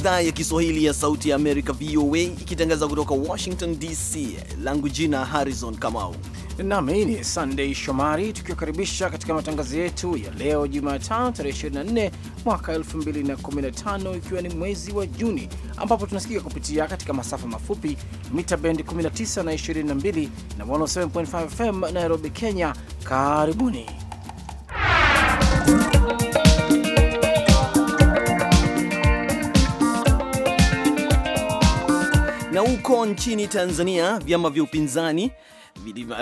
idhaa ya Kiswahili ya Sauti ya Amerika, VOA, ikitangaza kutoka Washington DC. Langu jina Harrison Kamau nami ni sandei Shomari, tukiwakaribisha katika matangazo yetu ya leo Jumatano tarehe 24 mwaka 2015 ikiwa ni mwezi wa Juni, ambapo tunasikika kupitia katika masafa mafupi mita bendi 19 na 22 na 107.5 FM Nairobi, Kenya. Karibuni. Na huko nchini Tanzania, vyama vya upinzani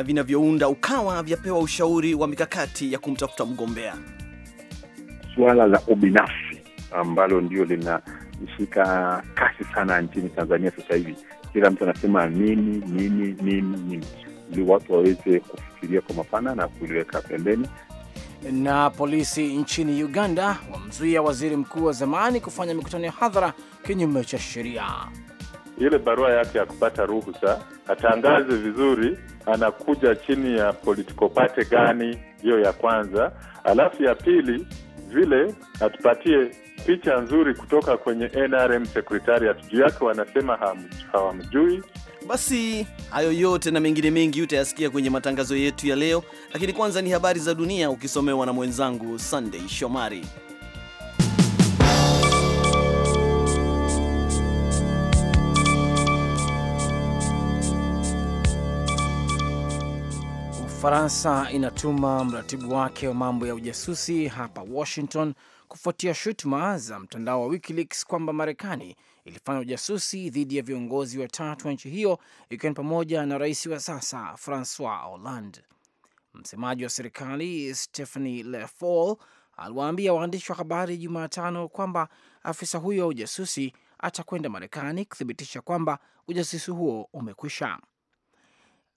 vinavyounda Ukawa vyapewa ushauri wa mikakati ya kumtafuta mgombea. Suala la ubinafsi ambalo ndio linashika kasi sana nchini Tanzania sasa hivi, kila mtu anasema mimi mimi mimi mimi, ili watu waweze kufikiria kwa mapana na kuliweka pembeni. Na polisi nchini Uganda wamzuia waziri mkuu wa zamani kufanya mikutano ya hadhara kinyume cha sheria ile barua yake ya kupata ruhusa, atangaze vizuri anakuja chini ya political party gani. Hiyo ya kwanza, alafu ya pili vile atupatie picha nzuri kutoka kwenye NRM Secretariat. Juu yake wanasema hawamjui. Basi hayo yote na mengine mengi utayasikia kwenye matangazo yetu ya leo, lakini kwanza ni habari za dunia ukisomewa na mwenzangu Sunday Shomari. Ufaransa inatuma mratibu wake wa mambo ya ujasusi hapa Washington kufuatia shutuma za mtandao wa WikiLeaks kwamba Marekani ilifanya ujasusi dhidi ya viongozi watatu wa nchi hiyo ikiwa ni pamoja na rais wa sasa Francois Hollande. Msemaji wa serikali Stephanie Le aliwaambia waandishi wa habari Jumatano kwamba afisa huyo wa ujasusi atakwenda Marekani kuthibitisha kwamba ujasusi huo umekwisha.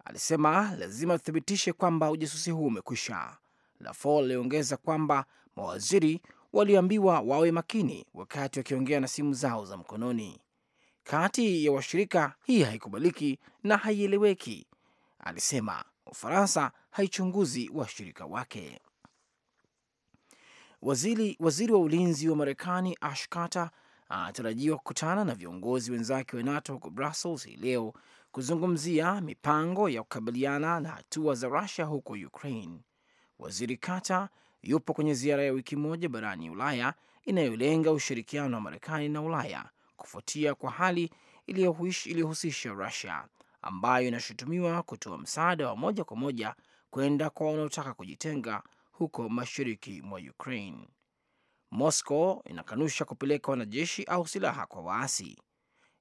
Alisema lazima tuthibitishe kwamba ujasusi huu umekwisha. lafol aliongeza kwamba mawaziri waliambiwa wawe makini wakati wakiongea na simu zao za mkononi. Kati ya washirika, hii haikubaliki na haieleweki, alisema. Ufaransa haichunguzi washirika wake. Waziri, waziri wa ulinzi wa Marekani Ash Carter anatarajiwa kukutana na viongozi wenzake wa NATO huko Brussels hii leo kuzungumzia mipango ya kukabiliana na hatua za Rusia huko Ukraine. Waziri Kata yupo kwenye ziara ya wiki moja barani Ulaya inayolenga ushirikiano wa Marekani na Ulaya kufuatia kwa hali iliyohusisha Rusia ambayo inashutumiwa kutoa msaada wa moja kwa moja kwenda kwa wanaotaka kujitenga huko mashariki mwa Ukraine. Moscow inakanusha kupeleka wanajeshi au silaha kwa waasi.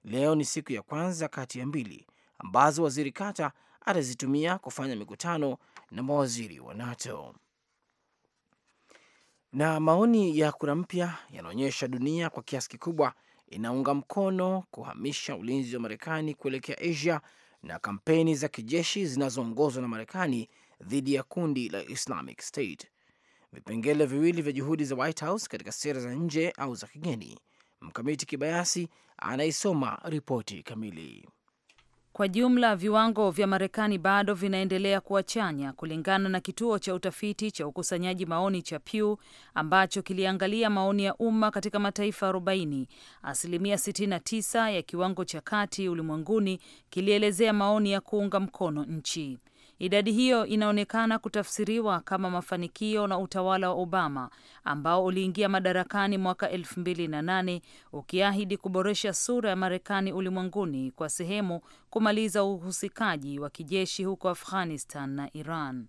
Leo ni siku ya kwanza kati ya mbili ambazo waziri Carter atazitumia kufanya mikutano na mawaziri wa NATO. Na maoni ya kura mpya yanaonyesha dunia kwa kiasi kikubwa inaunga mkono kuhamisha ulinzi wa Marekani kuelekea Asia na kampeni za kijeshi zinazoongozwa na Marekani dhidi ya kundi la Islamic State. Vipengele viwili vya juhudi za White House katika sera za nje au za kigeni. Mkamiti Kibayasi anaisoma ripoti kamili. Kwa jumla viwango vya Marekani bado vinaendelea kuwa chanya, kulingana na kituo cha utafiti cha ukusanyaji maoni cha Pew ambacho kiliangalia maoni ya umma katika mataifa 40. Asilimia 69 ya kiwango cha kati ulimwenguni kilielezea maoni ya kuunga mkono nchi. Idadi hiyo inaonekana kutafsiriwa kama mafanikio na utawala wa Obama ambao uliingia madarakani mwaka 28 ukiahidi kuboresha sura ya Marekani ulimwenguni, kwa sehemu kumaliza uhusikaji wa kijeshi huko Afghanistan na Iran.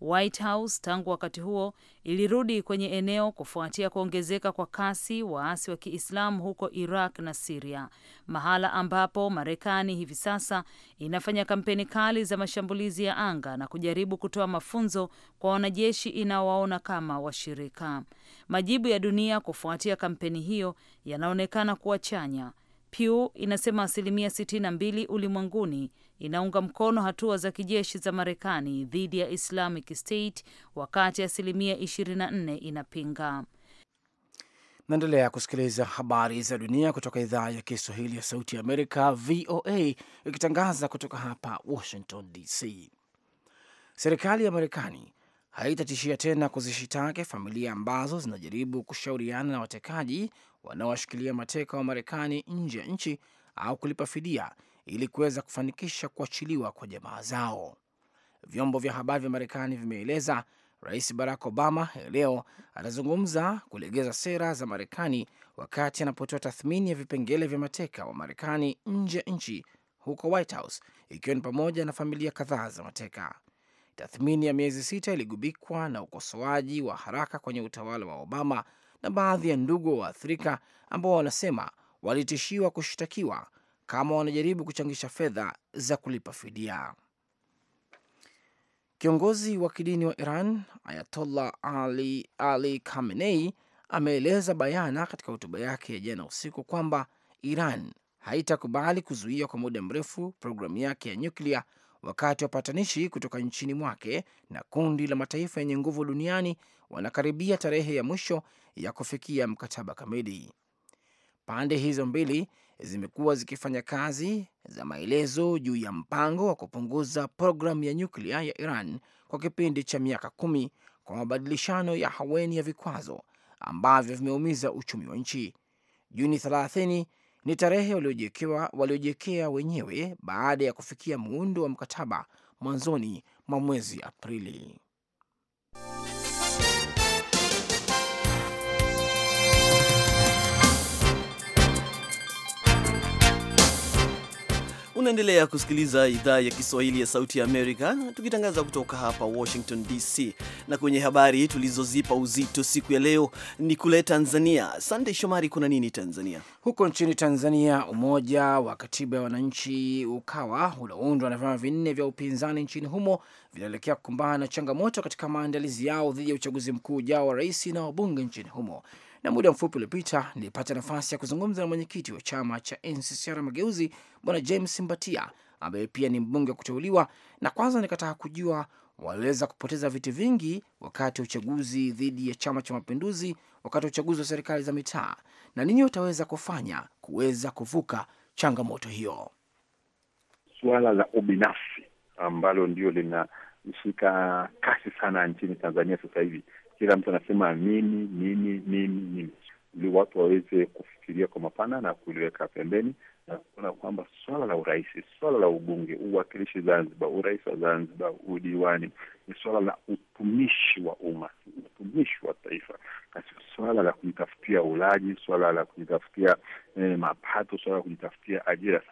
White House tangu wakati huo ilirudi kwenye eneo kufuatia kuongezeka kwa kasi waasi wa Kiislamu huko Iraq na Siria, mahala ambapo Marekani hivi sasa inafanya kampeni kali za mashambulizi ya anga na kujaribu kutoa mafunzo kwa wanajeshi inaowaona kama washirika. Majibu ya dunia kufuatia kampeni hiyo yanaonekana kuwa chanya Pew inasema asilimia 62 ulimwenguni inaunga mkono hatua za kijeshi za Marekani dhidi ya Islamic State wakati asilimia 24 inapinga. Naendelea kusikiliza habari za dunia kutoka idhaa ya Kiswahili ya Sauti ya Amerika, VOA, ikitangaza kutoka hapa Washington DC. Serikali ya Marekani haitatishia tena kuzishitake familia ambazo zinajaribu kushauriana na watekaji wanaowashikilia mateka wa Marekani nje ya nchi au kulipa fidia ili kuweza kufanikisha kuachiliwa kwa jamaa zao. Vyombo vya habari vya Marekani vimeeleza Rais Barack Obama leo atazungumza kulegeza sera za Marekani wakati anapotoa tathmini ya vipengele vya mateka wa Marekani nje ya nchi huko White House, ikiwa ni pamoja na familia kadhaa za mateka. Tathmini ya miezi sita iligubikwa na ukosoaji wa haraka kwenye utawala wa Obama na baadhi ya ndugu wa waathirika ambao wanasema walitishiwa kushtakiwa kama wanajaribu kuchangisha fedha za kulipa fidia. Kiongozi wa kidini wa Iran Ayatollah Ali, Ali Khamenei ameeleza bayana katika hotuba yake ya jana usiku kwamba Iran haitakubali kuzuia kwa muda mrefu programu yake ya nyuklia wakati wapatanishi kutoka nchini mwake na kundi la mataifa yenye nguvu duniani wanakaribia tarehe ya mwisho ya kufikia mkataba kamili. Pande hizo mbili zimekuwa zikifanya kazi za maelezo juu ya mpango wa kupunguza programu ya nyuklia ya Iran kwa kipindi cha miaka kumi kwa mabadilishano ya haweni ya vikwazo ambavyo vimeumiza uchumi wa nchi. Juni 30 ni tarehe waliojiwekea wenyewe baada ya kufikia muundo wa mkataba mwanzoni mwa mwezi Aprili. Unaendelea kusikiliza idhaa ya Kiswahili ya Sauti ya Amerika, tukitangaza kutoka hapa Washington DC. Na kwenye habari tulizozipa uzito siku ya leo ni kule Tanzania. Sandey Shomari, kuna nini Tanzania? Huko nchini Tanzania, Umoja wa Katiba ya Wananchi UKAWA ulioundwa na vyama vinne vya upinzani nchini humo vinaelekea kukumbana na changamoto katika maandalizi yao dhidi ya uchaguzi mkuu ujao wa rais na wabunge nchini humo na muda mfupi uliopita nilipata nafasi ya kuzungumza na mwenyekiti wa chama cha NCCR Mageuzi, Bwana James Mbatia, ambaye pia ni mbunge wa kuteuliwa, na kwanza nikataka kujua waliweza kupoteza viti vingi wakati wa uchaguzi dhidi ya Chama cha Mapinduzi wakati wa uchaguzi wa serikali za mitaa, na nini wataweza kufanya kuweza kuvuka changamoto hiyo. Suala la ubinafsi ambalo ndio linashika kasi sana nchini Tanzania sasa hivi kila mtu anasema nini nini nini nini, ili watu waweze kufikiria kwa mapana na kuliweka pembeni na kuona kwamba swala la urais, swala la ubunge, uwakilishi Zanzibar, urais wa Zanzibar, udiwani ni swala la utumishi wa umma, utumishi wa taifa, na sio swala la kujitafutia ulaji, swala la kujitafutia eh, mapato, swala la kujitafutia ajira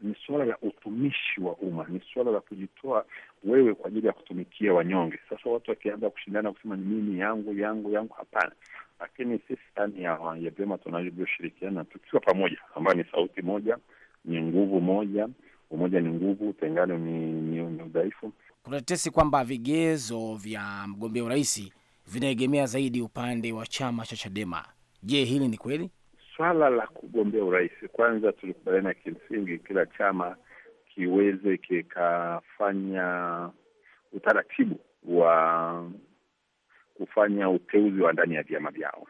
ni suala la utumishi wa umma, ni suala la kujitoa wewe kwa ajili ya kutumikia wanyonge. Sasa watu wakianza kushindana kusema ni mimi yangu yangu yangu, hapana. Lakini sisi ndani ya, ya vyama tunavyoshirikiana tukiwa pamoja, ambayo ni sauti moja, ni nguvu moja, umoja ni nguvu, utengano ni, ni, ni udhaifu. Kuna tetesi kwamba vigezo vya mgombea urais vinaegemea zaidi upande wa chama cha Chadema. Je, hili ni kweli? swala la kugombea urais, kwanza tulikubaliana kimsingi kila chama kiweze kikafanya utaratibu wa kufanya uteuzi wa ndani ya vyama vyao,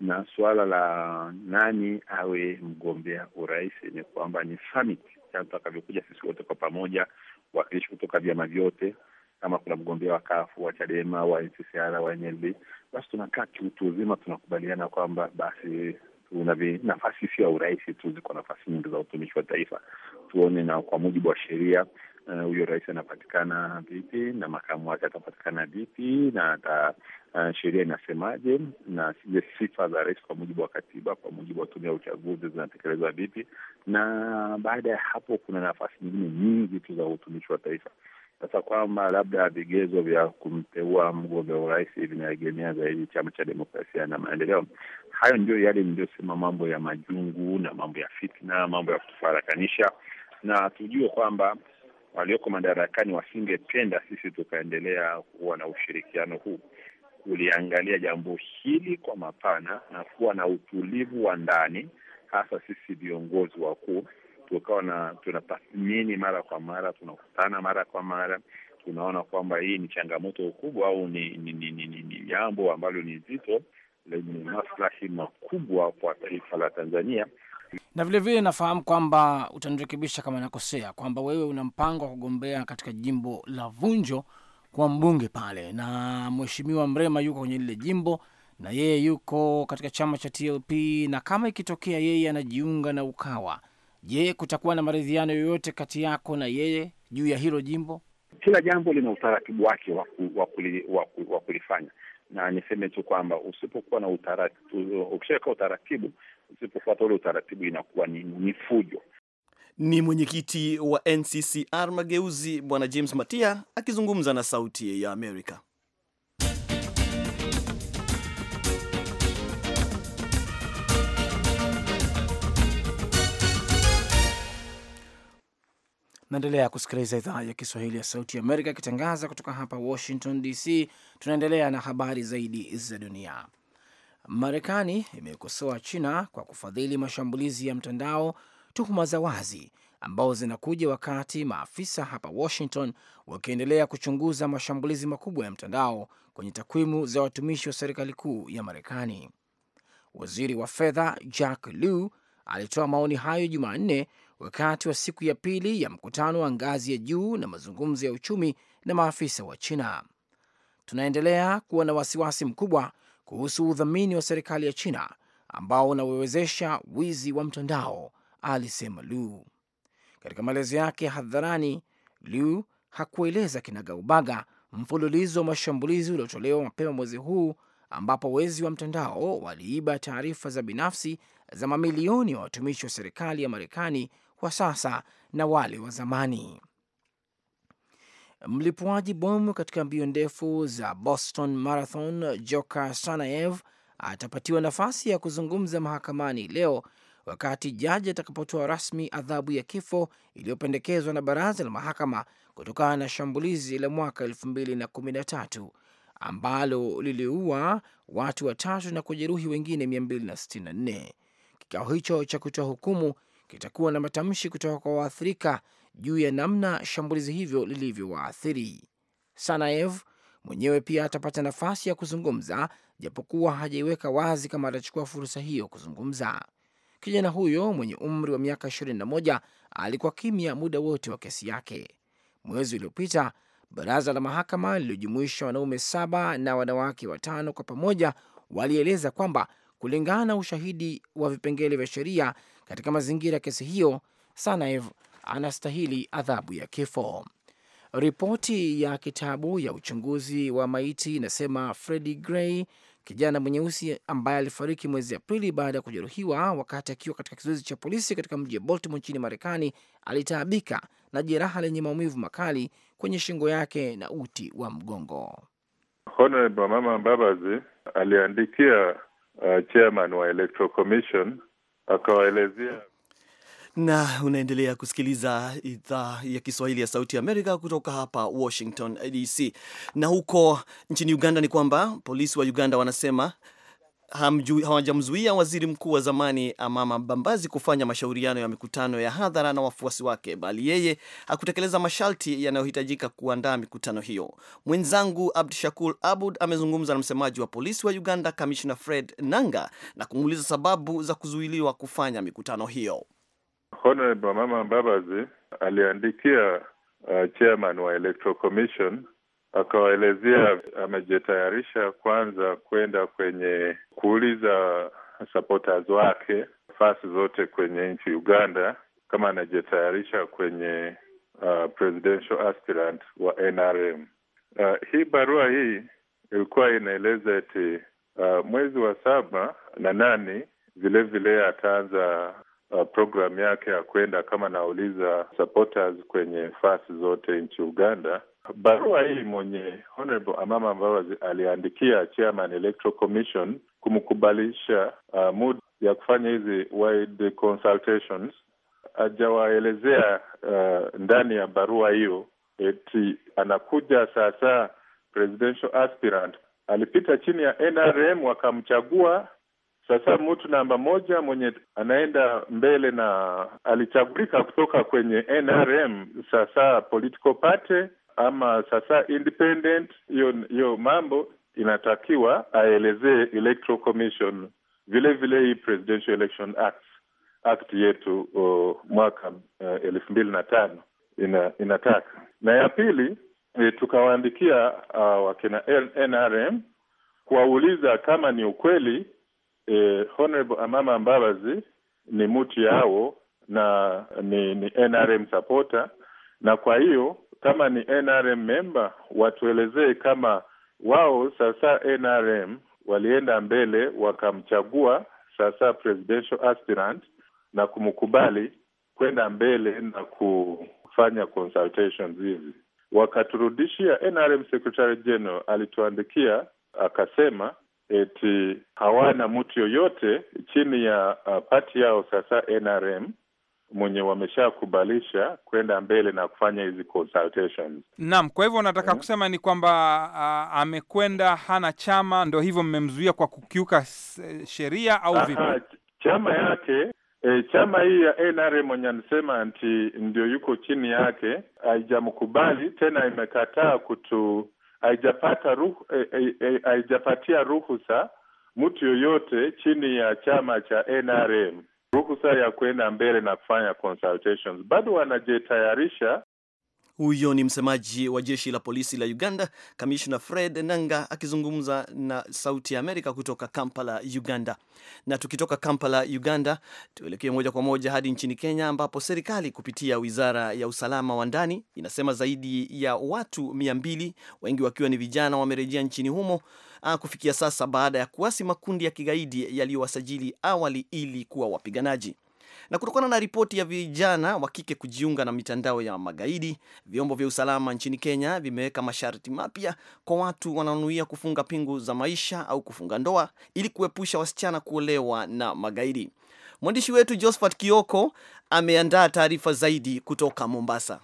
na suala la nani awe mgombea urais ni kwamba ni summit tutakavyokuja sisi wote kwa pamoja, wakilishi kutoka vyama vyote, kama kuna mgombea wa kafu wa Chadema, wa NCCR, wa NLD, basi tunakaa kiutu uzima, tunakubaliana kwamba basi tuna nafasi sio ya urahisi tu, ziko nafasi nyingi za utumishi wa taifa. Tuone na kwa mujibu wa sheria eh, huyo uh, rais anapatikana vipi na makamu wake atapatikana vipi na ata uh, sheria inasemaje, na zile sifa za rais kwa mujibu wa katiba, kwa mujibu wa tume ya uchaguzi zinatekelezwa vipi. Na baada ya hapo kuna nafasi nyingine nyingi tu za utumishi wa taifa sasa kwamba labda vigezo vya kumteua mgombea urais vinaegemea zaidi chama cha demokrasia na maendeleo. Hayo ndio yale niliyosema, mambo ya majungu na mambo ya fitna, mambo ya kutufarakanisha, na tujue kwamba walioko madarakani wasingependa sisi tukaendelea kuwa na ushirikiano huu. Kuliangalia jambo hili kwa mapana na kuwa na utulivu wa ndani, hasa sisi viongozi wakuu tukawa na tunatathmini mara kwa mara, tunakutana mara kwa mara, tunaona kwamba hii ni changamoto kubwa au ni jambo ni, ni, ni, ni, ambalo ni zito lenye maslahi makubwa kwa taifa la Tanzania na vilevile vile nafahamu kwamba utanirekebisha kama nakosea, kwamba wewe una mpango wa kugombea katika jimbo la Vunjo kwa mbunge pale, na mheshimiwa Mrema yuko kwenye lile jimbo na yeye yuko katika chama cha TLP, na kama ikitokea yeye anajiunga na Ukawa, Je, kutakuwa na maridhiano yoyote kati yako na yeye juu ya hilo jimbo? Kila jambo lina utaratibu wake wa kulifanya, na niseme tu kwamba usipokuwa na utaratibu, ukishaweka utaratibu, usipofuata ule utaratibu, inakuwa ni, ni fujo. Ni mwenyekiti wa NCCR Mageuzi, Bwana James Matia akizungumza na Sauti ya Amerika. Naendelea kusikiliza idhaa ya Kiswahili ya Sauti ya Amerika ikitangaza kutoka hapa Washington DC. Tunaendelea na habari zaidi za dunia. Marekani imekosoa China kwa kufadhili mashambulizi ya mtandao, tuhuma za wazi ambao zinakuja wakati maafisa hapa Washington wakiendelea kuchunguza mashambulizi makubwa ya mtandao kwenye takwimu za watumishi wa serikali kuu ya Marekani. Waziri wa fedha Jack Lew alitoa maoni hayo Jumanne wakati wa siku ya pili ya mkutano wa ngazi ya juu na mazungumzo ya uchumi na maafisa wa China. Tunaendelea kuwa na wasiwasi mkubwa kuhusu udhamini wa serikali ya China ambao unawezesha wizi wa mtandao, alisema Lu. Katika maelezo yake hadharani, Lu hakueleza kinagaubaga mfululizo wa mashambulizi uliotolewa mapema mwezi huu ambapo wezi wa mtandao waliiba taarifa za binafsi za mamilioni ya watumishi wa serikali ya Marekani wa sasa na wale wa zamani. Mlipuaji bomu katika mbio ndefu za Boston Marathon Joka Sanaev atapatiwa nafasi ya kuzungumza mahakamani leo wakati jaji atakapotoa rasmi adhabu ya kifo iliyopendekezwa na baraza la mahakama kutokana na shambulizi la mwaka elfu mbili na kumi na tatu ambalo liliua watu watatu na kujeruhi wengine 264. Kikao hicho cha kutoa hukumu kitakuwa na matamshi kutoka kwa waathirika juu ya namna shambulizi hivyo lilivyowaathiri. Sanaev mwenyewe pia atapata nafasi ya kuzungumza, japokuwa hajaiweka wazi kama atachukua fursa hiyo kuzungumza. Kijana huyo mwenye umri wa miaka 21 alikuwa kimya muda wote wa kesi yake. Mwezi uliopita, baraza la mahakama lililojumuisha wanaume saba na wanawake watano kwa pamoja walieleza kwamba kulingana na ushahidi wa vipengele vya sheria katika mazingira ya kesi hiyo, Sanaev anastahili adhabu ya kifo. Ripoti ya kitabu ya uchunguzi wa maiti inasema fredi Gray, kijana usi ambaye alifariki mwezi Aprili baada ya kujeruhiwa wakati akiwa katika kizuizi cha polisi katika mji wa Baltimore nchini Marekani, alitaabika na jeraha lenye maumivu makali kwenye shingo yake na uti wa mgongo. Honorable Mama Mbabazi aliandikia uh, chairman wa Electoral Commission akawaelezea na unaendelea kusikiliza idhaa ya Kiswahili ya Sauti ya Amerika kutoka hapa Washington DC. Na huko nchini Uganda ni kwamba polisi wa Uganda wanasema hawajamzuia waziri mkuu wa zamani Amama Mbambazi kufanya mashauriano ya mikutano ya hadhara na wafuasi wake, bali yeye hakutekeleza masharti yanayohitajika kuandaa mikutano hiyo. Mwenzangu abdishakur Abud amezungumza na msemaji wa polisi wa Uganda, Kamishna Fred Nanga, na kumuuliza sababu za kuzuiliwa kufanya mikutano hiyo. Honorable Amama Mbabazi aliandikia uh, chairman wa Electoral Commission akawaelezea amejitayarisha kwanza kwenda kwenye kuuliza supporters wake nafasi zote kwenye nchi Uganda kama anajitayarisha kwenye uh, presidential aspirant wa NRM. Uh, hii barua hii ilikuwa inaeleza eti uh, mwezi wa saba na nane vilevile ataanza uh, programu yake ya kwenda kama anauliza supporters kwenye nafasi zote nchi Uganda Barua hii mwenye Honorable Amama ambayo aliandikia Chairman Electoral Commission kumkubalisha uh, muda ya kufanya hizi wide consultations hajawaelezea uh, ndani ya barua hiyo eti anakuja sasa presidential aspirant alipita chini ya NRM wakamchagua. Sasa mtu namba moja mwenye anaenda mbele na alichagulika kutoka kwenye NRM, sasa political party ama sasa independent. Hiyo hiyo mambo inatakiwa aelezee Electoral Commission, vile vile hii Presidential Election Act, act yetu o, mwaka uh, elfu mbili na tano ina, inataka na ya pili e, tukawaandikia uh, wakina NRM kuwauliza kama ni ukweli e, Honorable Amama Mbabazi ni muti yao na ni, ni NRM supporter na kwa hiyo kama ni NRM memba watuelezee kama wao sasa NRM walienda mbele wakamchagua sasa presidential aspirant na kumkubali kwenda mbele na kufanya consultations hizi. Wakaturudishia NRM Secretary General alituandikia akasema eti hawana mtu yoyote chini ya uh, pati yao sasa NRM mwenye wameshakubalisha kwenda mbele na kufanya hizi consultations. Naam, kwa hivyo nataka yeah, mm-hmm. kusema ni kwamba amekwenda hana chama, ndo hivyo mmemzuia kwa kukiuka sheria au vipi? Chama yake e, chama hii ya NRM mwenye anasema nti ndio yuko chini yake haijamkubali tena, imekataa kutu haijapata ruhu, haijapatia e, e, e, ruhusa mtu yoyote chini ya chama cha NRM ruhusa ya kwenda mbele na kufanya consultations, bado wanajitayarisha. Huyo ni msemaji wa jeshi la polisi la Uganda, kamishna Fred Nanga akizungumza na Sauti ya Amerika kutoka Kampala, Uganda. Na tukitoka Kampala, Uganda, tuelekee moja kwa moja hadi nchini Kenya, ambapo serikali kupitia wizara ya usalama wa ndani inasema zaidi ya watu mia mbili, wengi wakiwa ni vijana, wamerejea nchini humo Ah, kufikia sasa baada ya kuasi makundi ya kigaidi yaliyowasajili awali ili kuwa wapiganaji. Na kutokana na ripoti ya vijana wa kike kujiunga na mitandao ya magaidi, vyombo vya usalama nchini Kenya vimeweka masharti mapya kwa watu wanaonuia kufunga pingu za maisha au kufunga ndoa ili kuepusha wasichana kuolewa na magaidi. Mwandishi wetu Josephat Kioko ameandaa taarifa zaidi kutoka Mombasa.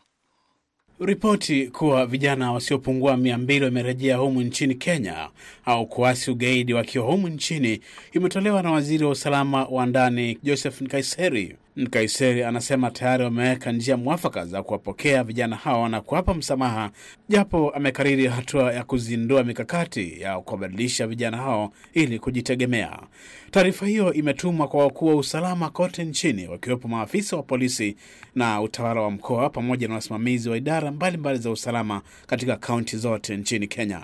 Ripoti kuwa vijana wasiopungua mia mbili wamerejea humu nchini Kenya au kuasi ugaidi wakiwa humu nchini imetolewa na waziri wa usalama wa ndani Joseph Nkaiseri Mkaiseri anasema tayari wameweka njia mwafaka za kuwapokea vijana hawa na kuwapa msamaha, japo amekariri hatua ya kuzindua mikakati ya kuwabadilisha vijana hao ili kujitegemea. Taarifa hiyo imetumwa kwa wakuu wa usalama kote nchini, wakiwepo maafisa wa polisi na utawala wa mkoa pamoja na wasimamizi wa idara mbalimbali mbali za usalama katika kaunti zote nchini Kenya.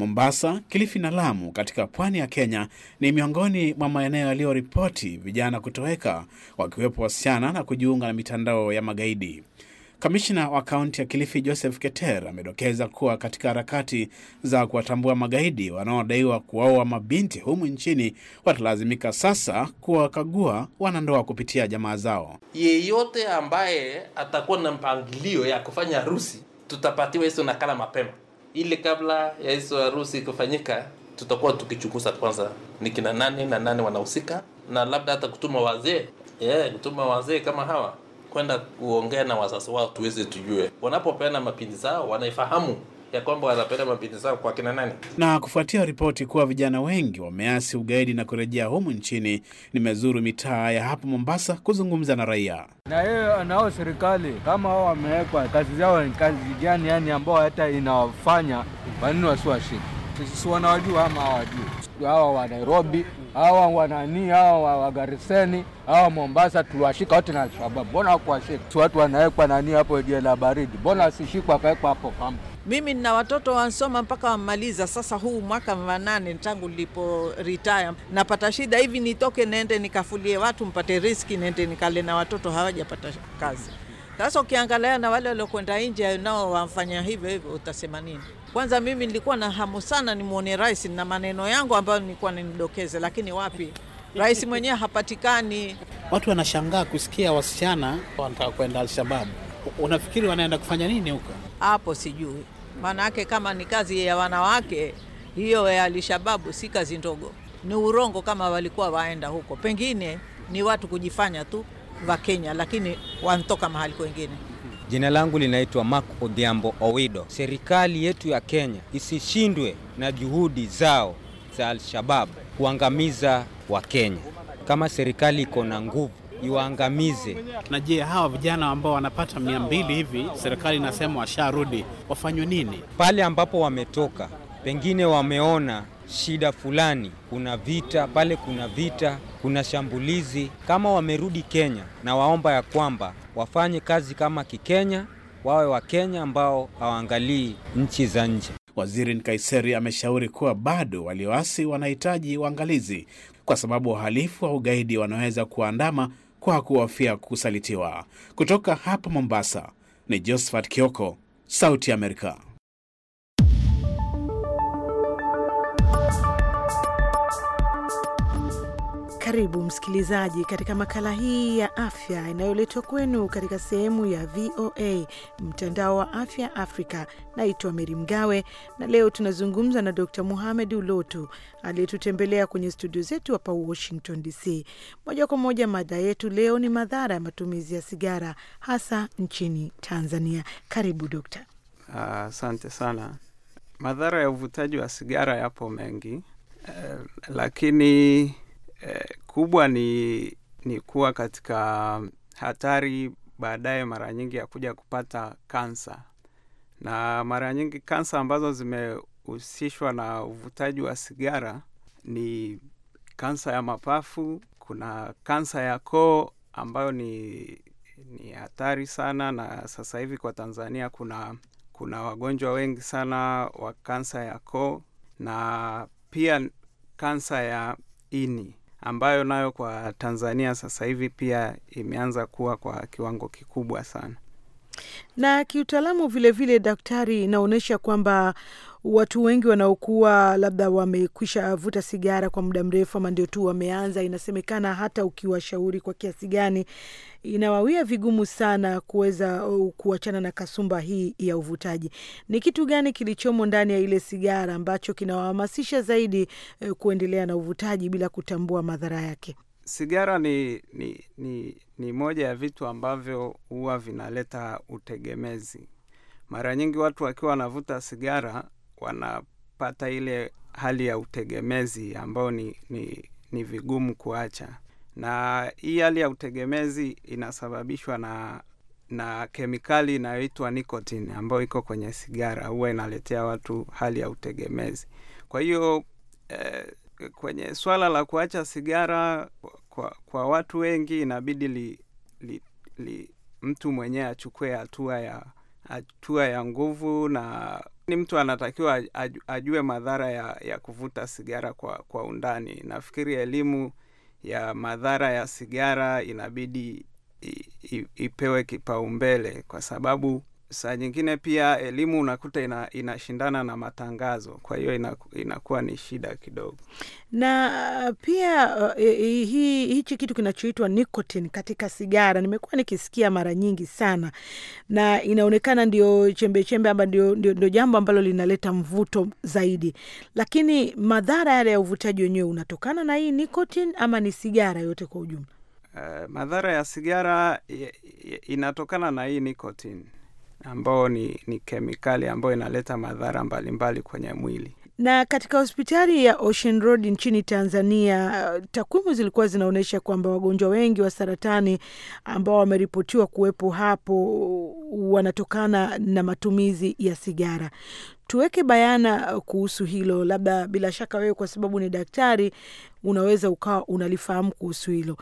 Mombasa, Kilifi na Lamu katika pwani ya Kenya ni miongoni mwa maeneo yaliyoripoti vijana kutoweka, wakiwepo wasichana na kujiunga na mitandao ya magaidi. Kamishna wa kaunti ya Kilifi Joseph Keter amedokeza kuwa katika harakati za kuwatambua magaidi wanaodaiwa kuwaoa mabinti humu nchini, watalazimika sasa kuwakagua wanandoa kupitia jamaa zao. Yeyote ambaye atakuwa na mpangilio ya kufanya harusi tutapatiwa hizo nakala mapema ili kabla ya hizo harusi kufanyika tutakuwa tukichunguza kwanza ni kina nani na nani wanahusika, na labda hata kutuma wazee yeah, kutuma wazee kama hawa kwenda kuongea na wazazi wao tuweze tujue wanapopeana mapindi zao wanaifahamu ya kwamba wanapenda mabinti zao kwa kina nani. Na kufuatia ripoti kuwa vijana wengi wameasi ugaidi na kurejea humu nchini, nimezuru mitaa ya hapo Mombasa kuzungumza na raia. Na hiyo nao serikali kama wao wamewekwa kazi zao ni kazi gani, yani ambao hata inawafanya wanini wasiwashiki, sisi wanawajua ama hawajui hawa wa Nairobi hawa wananii hawa wagariseni hawa Mombasa, tuliwashika wote na Alshababu. Mbona wakuwashika Si watu wanawekwa nani hapo jela baridi? Mbona wasishikwa wakawekwa hapo kama mimi nina watoto wansoma mpaka wamaliza. Sasa huu mwaka manane tangu lipo retire, napata shida hivi, nitoke nende nikafulie watu mpate riski, nende nikale na watoto hawajapata kazi. Sasa ukiangalia na wale waliokwenda nje nao wamfanya hivyo hivyo, utasema nini? Kwanza mimi nilikuwa na hamu sana nimwone rais na maneno yangu ambayo nilikuwa ninidokeze, lakini wapi, rais mwenyewe hapatikani. Watu wanashangaa kusikia wasichana wanataka kwenda Alshababu. Unafikiri wanaenda kufanya nini huko? hapo sijui, maanake kama ni kazi ya wanawake hiyo ya Alishababu si kazi ndogo, ni urongo kama walikuwa waenda huko. Pengine ni watu kujifanya tu wa Kenya, lakini wanatoka mahali kwengine. Jina langu linaitwa Mark Odhiambo Owido. Serikali yetu ya Kenya isishindwe na juhudi zao za Al-Shabab kuangamiza Wakenya. Kama serikali iko na nguvu iwaangamize. Na je, hawa vijana ambao wanapata mia mbili hivi, serikali inasema washarudi, wafanywe nini pale ambapo wametoka? Pengine wameona shida fulani, kuna vita pale, kuna vita, kuna shambulizi. Kama wamerudi Kenya, na waomba ya kwamba wafanye kazi kama Kikenya, wawe Wakenya ambao hawaangalii nchi za nje. Waziri Nkaiseri ameshauri kuwa bado walioasi wanahitaji uangalizi kwa sababu wahalifu wa ugaidi wanaweza kuandama kwa kuhofia kusalitiwa. Kutoka hapa Mombasa ni Josephat Kioko, Sauti Amerika. Karibu msikilizaji katika makala hii ya afya inayoletwa kwenu katika sehemu ya VOA mtandao wa afya Afrika. Naitwa Meri Mgawe na leo tunazungumza na Dr Muhamed Ulotu aliyetutembelea kwenye studio zetu hapa Washington DC. Moja kwa moja, mada yetu leo ni madhara ya matumizi ya sigara hasa nchini Tanzania. Karibu dokta. Asante uh, sana. Madhara ya uvutaji wa sigara yapo mengi uh, lakini kubwa ni, ni kuwa katika hatari baadaye mara nyingi ya kuja kupata kansa, na mara nyingi kansa ambazo zimehusishwa na uvutaji wa sigara ni kansa ya mapafu. Kuna kansa ya koo ambayo ni, ni hatari sana, na sasa hivi kwa Tanzania kuna kuna wagonjwa wengi sana wa kansa ya koo na pia kansa ya ini ambayo nayo kwa Tanzania sasa hivi pia imeanza kuwa kwa kiwango kikubwa sana na kiutaalamu vilevile, daktari, inaonyesha kwamba watu wengi wanaokuwa labda wamekwisha vuta sigara kwa muda mrefu ama ndio tu wameanza, inasemekana hata ukiwashauri kwa kiasi gani, inawawia vigumu sana kuweza uh, kuachana na kasumba hii ya uvutaji. Ni kitu gani kilichomo ndani ya ile sigara ambacho kinawahamasisha zaidi uh, kuendelea na uvutaji bila kutambua madhara yake? Sigara ni, ni, ni, ni moja ya vitu ambavyo huwa vinaleta utegemezi. Mara nyingi watu wakiwa wanavuta sigara wanapata ile hali ya utegemezi ambayo ni, ni, ni vigumu kuacha, na hii hali ya utegemezi inasababishwa na na kemikali inayoitwa nicotin ambayo iko kwenye sigara, huwa inaletea watu hali ya utegemezi. Kwa hiyo eh, kwenye swala la kuacha sigara kwa, kwa watu wengi inabidi li, li, li, mtu mwenyewe achukue hatua ya hatua ya nguvu na ni mtu anatakiwa ajue madhara ya, ya kuvuta sigara kwa, kwa undani. Nafikiri elimu ya madhara ya sigara inabidi ipewe kipaumbele kwa sababu saa nyingine pia elimu unakuta ina, inashindana na matangazo, kwa hiyo inaku, inakuwa ni shida kidogo. Na uh, pia uh, hichi kitu kinachoitwa nicotine katika sigara nimekuwa nikisikia mara nyingi sana, na inaonekana ndio chembechembe ama ndio, ndio, ndio jambo ambalo linaleta mvuto zaidi, lakini madhara yale ya uvutaji wenyewe unatokana na hii nicotine ama ni sigara yote kwa ujumla? Uh, madhara ya sigara inatokana na hii nikotini ambao ni, ni kemikali ambayo inaleta madhara mbalimbali mbali kwenye mwili. Na katika hospitali ya Ocean Road nchini Tanzania, takwimu zilikuwa zinaonyesha kwamba wagonjwa wengi wa saratani ambao wameripotiwa kuwepo hapo wanatokana na matumizi ya sigara. Tuweke bayana kuhusu hilo, labda bila shaka wewe kwa sababu ni daktari unaweza ukawa unalifahamu kuhusu hilo.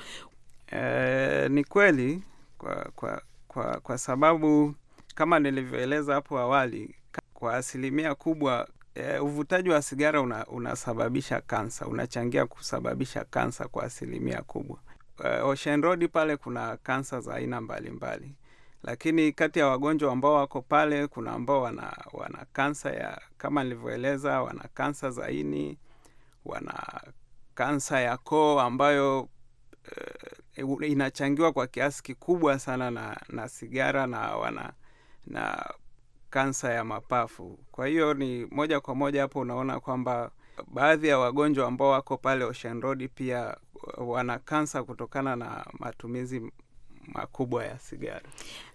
E, ni kweli kwa, kwa, kwa, kwa sababu kama nilivyoeleza hapo awali, kwa asilimia kubwa e, uvutaji wa sigara una, unasababisha kansa, unachangia kusababisha kansa kwa asilimia kubwa. E, Ocean Road pale kuna kansa za aina mbalimbali, lakini kati ya wagonjwa ambao wako pale kuna ambao wana, wana kansa ya kama nilivyoeleza, wana kansa za ini, wana kansa ya koo ambayo e, inachangiwa kwa kiasi kikubwa sana na, na sigara na wana na kansa ya mapafu. Kwa hiyo ni moja kwa moja hapo unaona kwamba baadhi ya wagonjwa ambao wako pale Ocean Road pia wana kansa kutokana na matumizi makubwa ya sigara.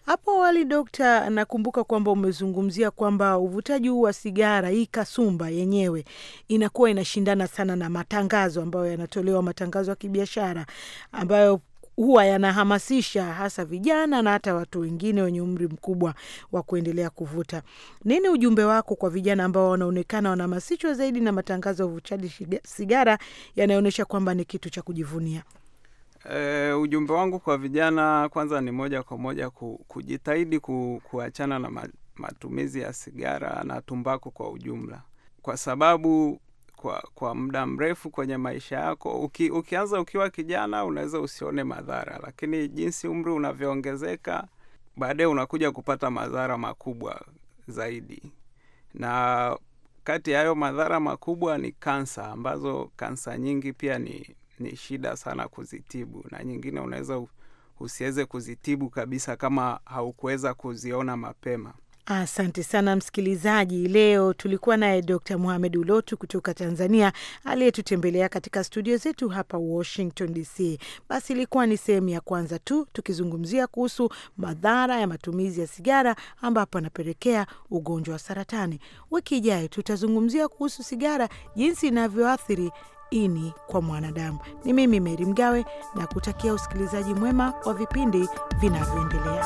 Hapo awali, Dokta, nakumbuka kwamba umezungumzia kwamba uvutaji huu wa sigara, hii kasumba yenyewe inakuwa inashindana sana na matangazo ambayo yanatolewa, matangazo ya kibiashara ambayo huwa yanahamasisha hasa vijana na hata watu wengine wenye umri mkubwa wa kuendelea kuvuta. Nini ujumbe wako kwa vijana ambao wanaonekana wanahamasishwa zaidi na matangazo ya uvuchaji sigara yanayoonyesha kwamba ni kitu cha kujivunia? E, ujumbe wangu kwa vijana kwanza ni moja kwa moja ku, kujitahidi ku, kuachana na matumizi ya sigara na tumbaku kwa ujumla, kwa sababu kwa, kwa muda mrefu kwenye maisha yako. Uki, ukianza ukiwa kijana unaweza usione madhara, lakini jinsi umri unavyoongezeka baadaye unakuja kupata madhara makubwa zaidi, na kati ya hayo madhara makubwa ni kansa, ambazo kansa nyingi pia ni, ni shida sana kuzitibu, na nyingine unaweza usiweze kuzitibu kabisa kama haukuweza kuziona mapema. Asante sana msikilizaji. Leo tulikuwa naye Dr Muhamed Ulotu kutoka Tanzania aliyetutembelea katika studio zetu hapa Washington DC. Basi ilikuwa ni sehemu ya kwanza tu tukizungumzia kuhusu madhara ya matumizi ya sigara ambapo anapelekea ugonjwa wa saratani. Wiki ijayo tutazungumzia kuhusu sigara, jinsi inavyoathiri ini kwa mwanadamu. Ni mimi Meri Mgawe na kutakia usikilizaji mwema wa vipindi vinavyoendelea.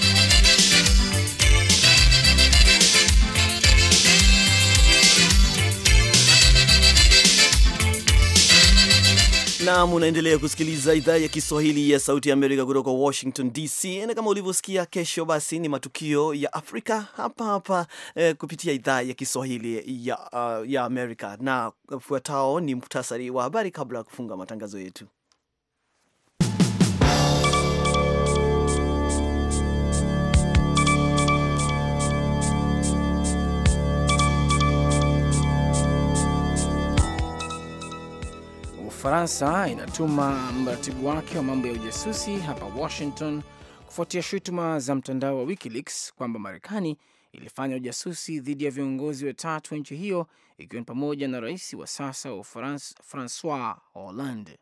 Naam, unaendelea kusikiliza idhaa ya Kiswahili ya Sauti ya Amerika kutoka Washington DC, na kama ulivyosikia, kesho basi ni matukio ya Afrika hapa hapa eh, kupitia idhaa ya Kiswahili ya, uh, ya Amerika, na eh, fuatao ni muhtasari wa habari kabla ya kufunga matangazo yetu. Ufaransa inatuma mratibu wake wa mambo ya ujasusi hapa Washington kufuatia shutuma za mtandao wa WikiLeaks kwamba Marekani ilifanya ujasusi dhidi ya viongozi watatu wa nchi hiyo ikiwa ni pamoja na rais wa sasa wa France, Francois Hollande.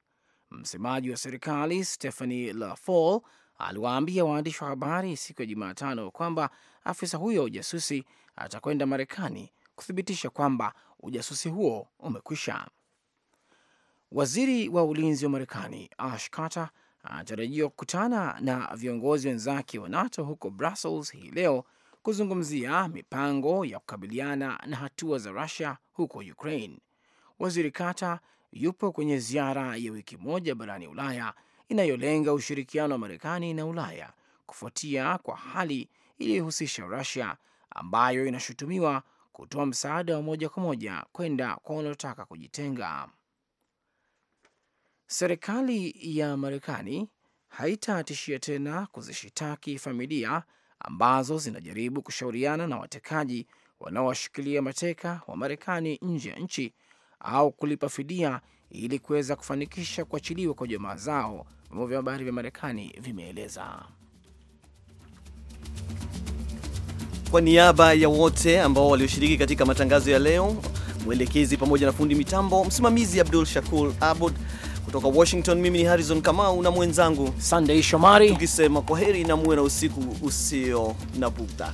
Msemaji wa serikali Stephanie Lafol aliwaambia waandishi wa habari siku ya Jumatano kwamba afisa huyo wa ujasusi atakwenda Marekani kuthibitisha kwamba ujasusi huo umekwisha. Waziri wa ulinzi wa Marekani Ash Carter anatarajiwa kukutana na viongozi wenzake wa NATO huko Brussels hii leo kuzungumzia mipango ya kukabiliana na hatua za Rusia huko Ukraine. Waziri Carter yupo kwenye ziara ya wiki moja barani Ulaya inayolenga ushirikiano wa Marekani na Ulaya kufuatia kwa hali iliyohusisha Rusia ambayo inashutumiwa kutoa msaada wa moja kwa moja kwenda kwa wanaotaka kujitenga serikali ya Marekani haitatishia tena kuzishitaki familia ambazo zinajaribu kushauriana na watekaji wanaowashikilia mateka wa Marekani nje ya nchi au kulipa fidia ili kuweza kufanikisha kuachiliwa kwa jamaa zao, vyombo vya habari vya Marekani vimeeleza. Kwa niaba ya wote ambao walioshiriki katika matangazo ya leo, mwelekezi pamoja na fundi mitambo, msimamizi Abdul Shakur Abud kutoka Washington, mimi ni Harrison Kamau na mwenzangu Sunday Shomari, tukisema kwa heri na muwe na usiku usio na bugdha.